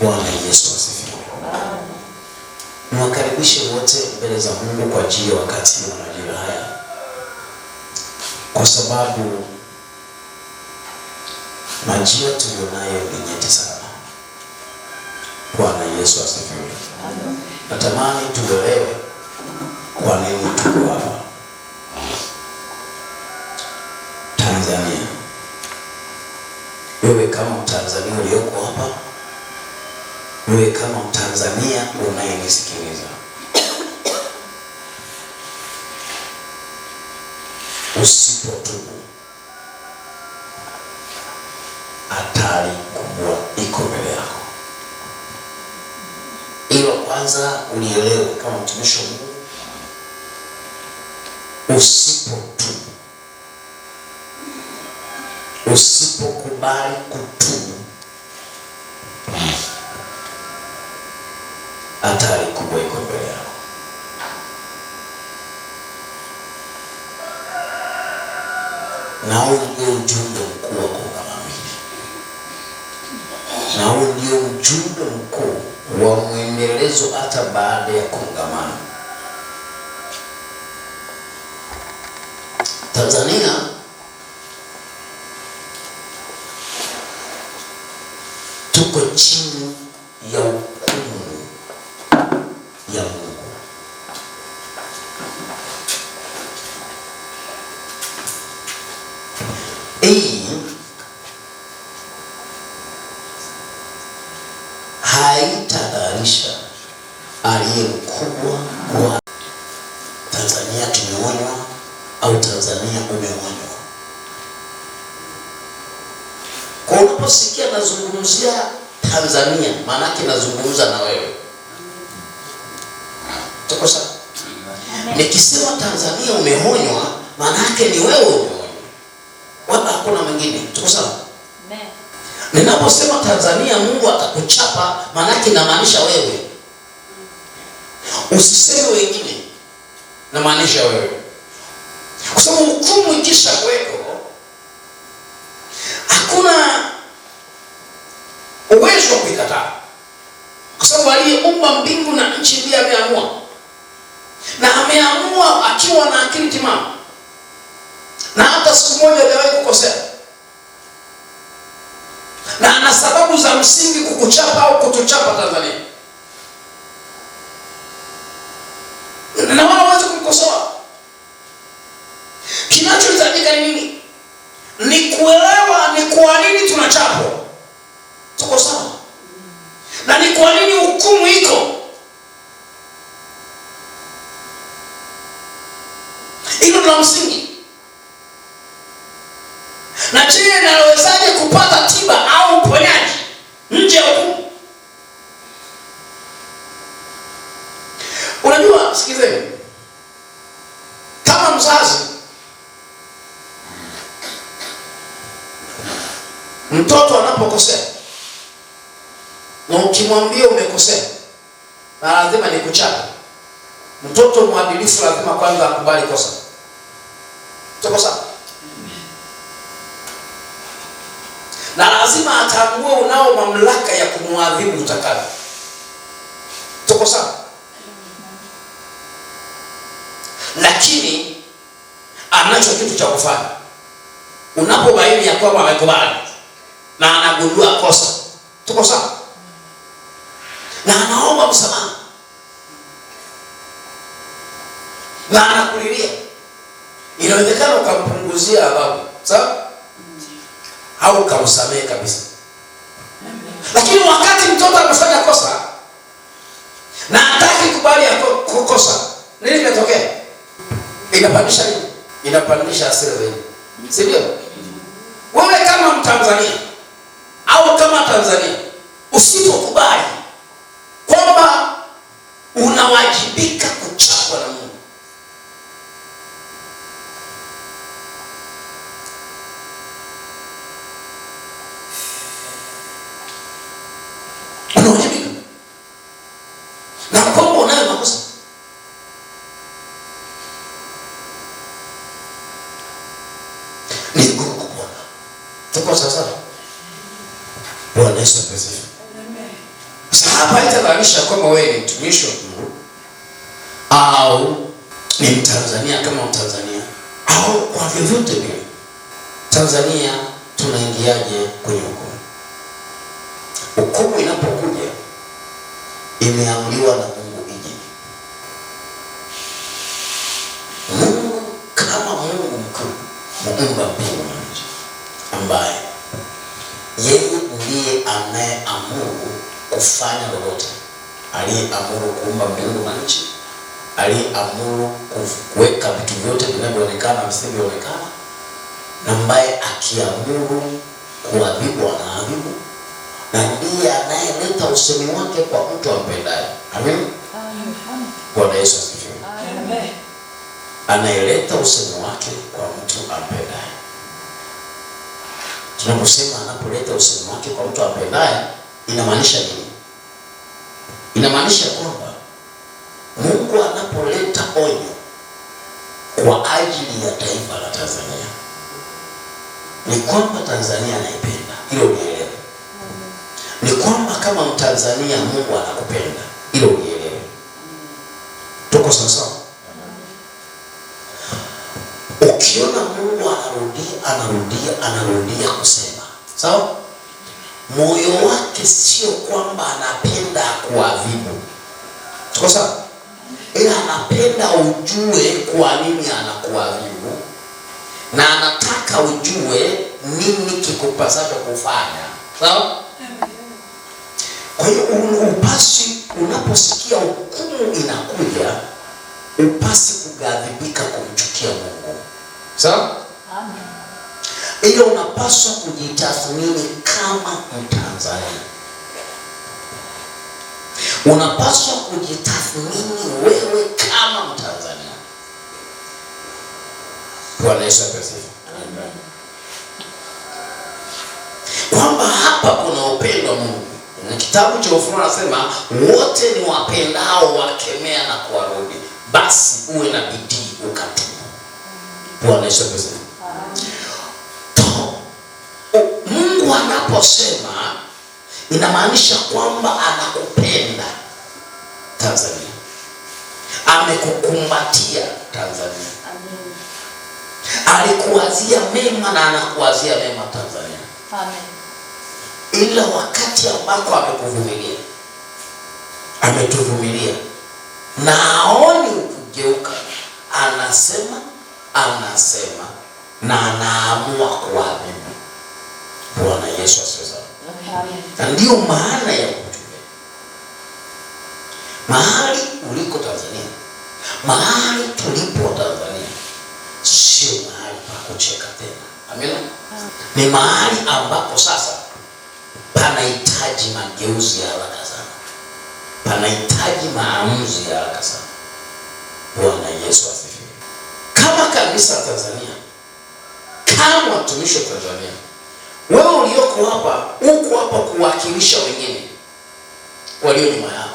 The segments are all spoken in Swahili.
Bwana Yesu asifiwe. Niwakaribishe wote mbele za Mungu kwa ajili ya wakati wa majira haya, kwa sababu majira tuliyonayo ni nyeti sana. Bwana Yesu asifiwe. Natamani tuelewe kwa nini tuko hapa Tanzania. Wewe kama Mtanzania ulioko hapa wewe kama Mtanzania unayenisikiliza, usipotubu hatari kubwa iko mbele yako. Ilo kwanza ulielewe kama mtumishi wa Mungu, usipotubu, usipokubali kutubu na huu ndio ujumbe mkuu wa kuuamini, na huu ndio ujumbe mkuu wa mwendelezo hata baada ya kongamano. Tanzania tuko chini ya hukumu ya Mungu. being haitadharisha aliye mkubwa wa Tanzania. Tumeonywa au Tanzania umeonywa. Kwa unaposikia nazungumzia Tanzania, maanake nazungumza na wewe, tuko sawa. Nikisema Tanzania umeonywa, maanake ni wewe wala hakuna mwingine. Tuko sawa? Amen. Ninaposema Tanzania Mungu atakuchapa, yake namaanisha wewe, usiseme wengine, namaanisha wewe, kwa sababu hukumu ikisha kweko, hakuna uwezo wa kuikataa, kwa sababu aliyeumba mbingu na nchi ndiye ameamua, na ameamua akiwa na akili timamu na hata siku moja hajawahi kukosea, na ana sababu za msingi kukuchapa au kutuchapa Tanzania, na wala huwezi kumkosoa. Kinachohitajika ni nini? Ni kuelewa ni kwa nini tunachapwa, tuko sawa, na ni kwa nini hukumu iko hilo la msingi mtoto anapokosea na ukimwambia umekosea, na lazima nikuchape, mtoto mwadilifu lazima kwanza akubali kosa. Tuko sawa? na lazima atambue unao mamlaka ya kumwadhibu utakavyo. Tuko sawa? Lakini anacho kitu cha kufanya unapobaini ya kwamba amekubali na anagundua kosa, tuko sawa, na anaomba msamaha na anakulilia, inawezekana ukampunguzia adhabu, sawa, au ukamsamehe kabisa. Lakini wakati mtoto amefanya kosa na hataki kubali ya kukosa, nini kinatokea? Inapandisha nini? Inapandisha hasira zaidi, si ndio? Wewe kama Mtanzania Tanzania, usipokubali kwamba unawajibika kuchagwa na Mungu, unawajibika na kwamba unayo makosa. Ni ngumu kuona tuko sasa Yesu asifiwe. Sasa hapa itamaanisha kwamba wewe ni mtumishi wa Mungu au ni Mtanzania kama Mtanzania au kwa vyovyote vile. Tanzania tunaingiaje kwenye hukumu? Hukumu inapokuja imeamliwa na Mungu ije. Mungu kama Mungu mkuu, muumba mbingu ambaye anayeamuru kufanya lolote, aliyeamuru kuumba mbingu na nchi, aliyeamuru kuweka vitu vyote vinavyoonekana visivyoonekana, na ambaye akiamuru kuadhibu anaadhibu, na ndiye anayeleta usemi wake kwa mtu ampendaye. Amin. Bwana Yesu asifiwe. Amen. Anayeleta usemi Tunaposema anapoleta usemi wake kwa mtu ampendaye, inamaanisha nini? Inamaanisha kwamba Mungu anapoleta onyo kwa ajili ya taifa la Tanzania ni kwamba Tanzania anaipenda, hilo ulielewe. Ni kwamba kama Mtanzania Mungu anakupenda, hilo ulielewe. Tuko sawasawa? ukiona Mungu anarudia anarudia anarudia kusema sawa, moyo wake sio kwamba anapenda kuadhibu, tuko sawa, ila anapenda ujue kwa nini anakuadhibu na anataka ujue nini kikupasacho kufanya sawa. Kwa hiyo upasi, unaposikia hukumu inakuja, upasi kugadhibika kumchukia Mungu. Sawa? Ila unapaswa kujitathmini kama Mtanzania, unapaswa kujitathmini wewe kama Mtanzania. Bwana Yesu asifiwe. Amen. Kwamba hapa kuna upendo Mungu na kitabu cha Ufunuo anasema wote ni wapendao wakemea na kuwarudi, basi uwe na bidii kuwa na pesa. Mungu anaposema inamaanisha kwamba anakupenda Tanzania, amekukumbatia Tanzania, alikuwazia mema na anakuwazia mema Tanzania. Amen. Ila wakati ambako amekuvumilia, ametuvumilia, na aoni ukugeuka, anasema anasema na anaamua kuamini. Bwana Yesu asifiwe. Na ndiyo maana ya kutume mahali uliko Tanzania, mahali tulipo Tanzania sio mahali pa kucheka tena. Amina, ni mahali ambapo sasa panahitaji mageuzi ya haraka sana, panahitaji maamuzi ya haraka sana. Bwana Yesu kama kanisa Tanzania, kama watumishi wa Tanzania, wewe ulioko hapa, uko hapa kuwakilisha wengine walio nyuma yao.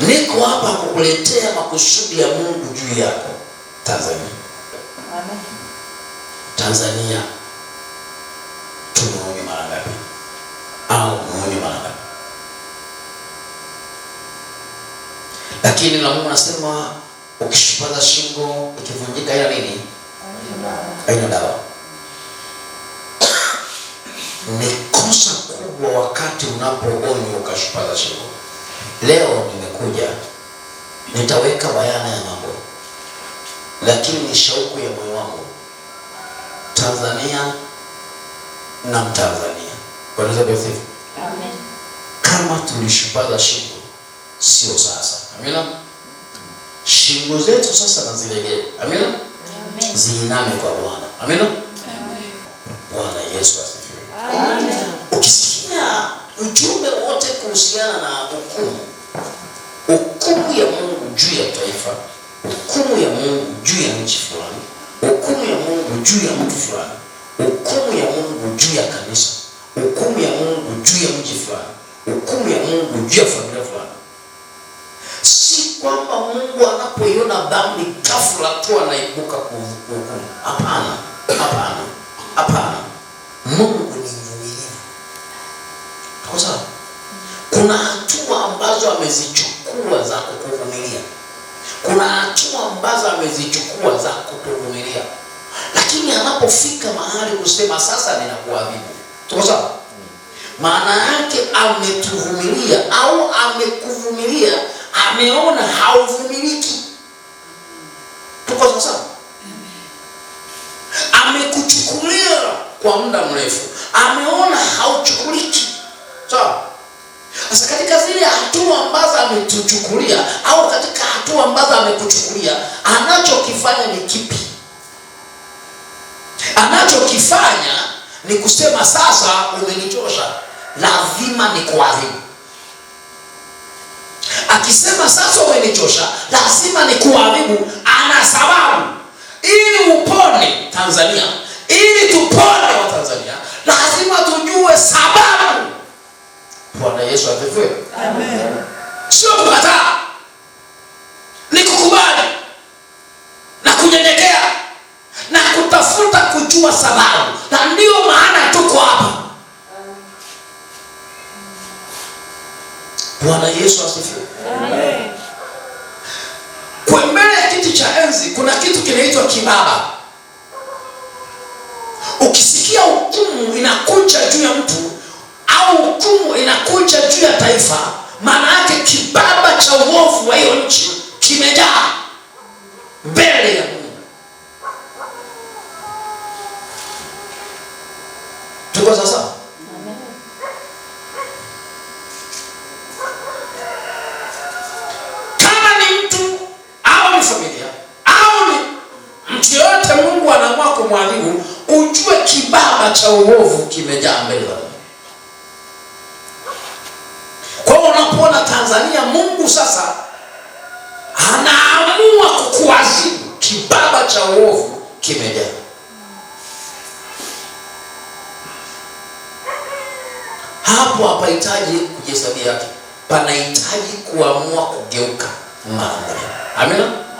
Niko hapa kukuletea makusudi ya Mungu juu yako Tanzania. Amen. Tanzania tumeonye mara ngapi? Au umeonye mara ngapi? Lakini na Mungu anasema ukishipaza shingo ikivunjika, hiyo nini haina dawa. Ni kosa kubwa wakati unapoonywa ukashipaza shingo. Leo nimekuja nitaweka bayana ya mambo, lakini ni shauku ya moyo wangu. Tanzania na Mtanzania wanaweza kama tulishipaza shingo, sio sasa. Amina shingo zetu sasa na nazilegee. Amina, amen. Ziiname kwa Bwana. Amina, amen. Bwana Yesu asifiwe. Amina. Ukisikia ujumbe wote kuhusiana na hukumu, hukumu ya Mungu juu ya taifa, hukumu ya Mungu juu ya nchi fulani, hukumu ya Mungu juu ya mtu fulani, hukumu ya Mungu juu ya kanisa, hukumu ya Mungu juu ya mji fulani, hukumu ya Mungu juu ya familia fulani Si kwamba Mungu anapoiona dhambi ghafla tu anaibuka kuhukumu. Hapana, hapana, hapana. Mungu ni mvumilivu. Tuko sawa? Kuna hatua ambazo amezichukua za kukuvumilia, kuna hatua ambazo amezichukua za kutuvumilia, lakini anapofika mahali kusema sasa ninakuadhibu, tuko sawa? Mm. Maana yake ametuvumilia au amekuvumilia ameona hauvumiliki. Tuko sawasawa? Amekuchukulia kwa muda mrefu, ameona hauchukuliki. Sawa. Sasa katika zile hatua ambazo ametuchukulia au katika hatua ambazo amekuchukulia, anachokifanya ni kipi? Anachokifanya ni kusema sasa, umenichosha, lazima nikuadhibu. Akisema sasa umenichosha, lazima ni nikuadhibu, ana sababu. Ili upone Tanzania, ili tupone wa Tanzania, lazima tujue sababu. Bwana Yesu asifiwe. Amen. Sio kukataa, ni kukubali na kunyenyekea na kutafuta kujua sababu. Bwana Yesu asifiwe. Amen. Kwa mbele ya kiti cha enzi kuna kitu kinaitwa kibaba. Ukisikia hukumu inakuja juu ya mtu au hukumu inakuja juu ya taifa, maana yake kibaba cha uovu wa hiyo nchi kimejaa cha mbele za Mungu. Kwa hiyo unapoona Tanzania, Mungu sasa anaamua kukuadhibu. Kibaba cha uovu kimejaa. Hapo hapahitaji kujihesabia yake, panahitaji kuamua kugeuka mara moja. Amina.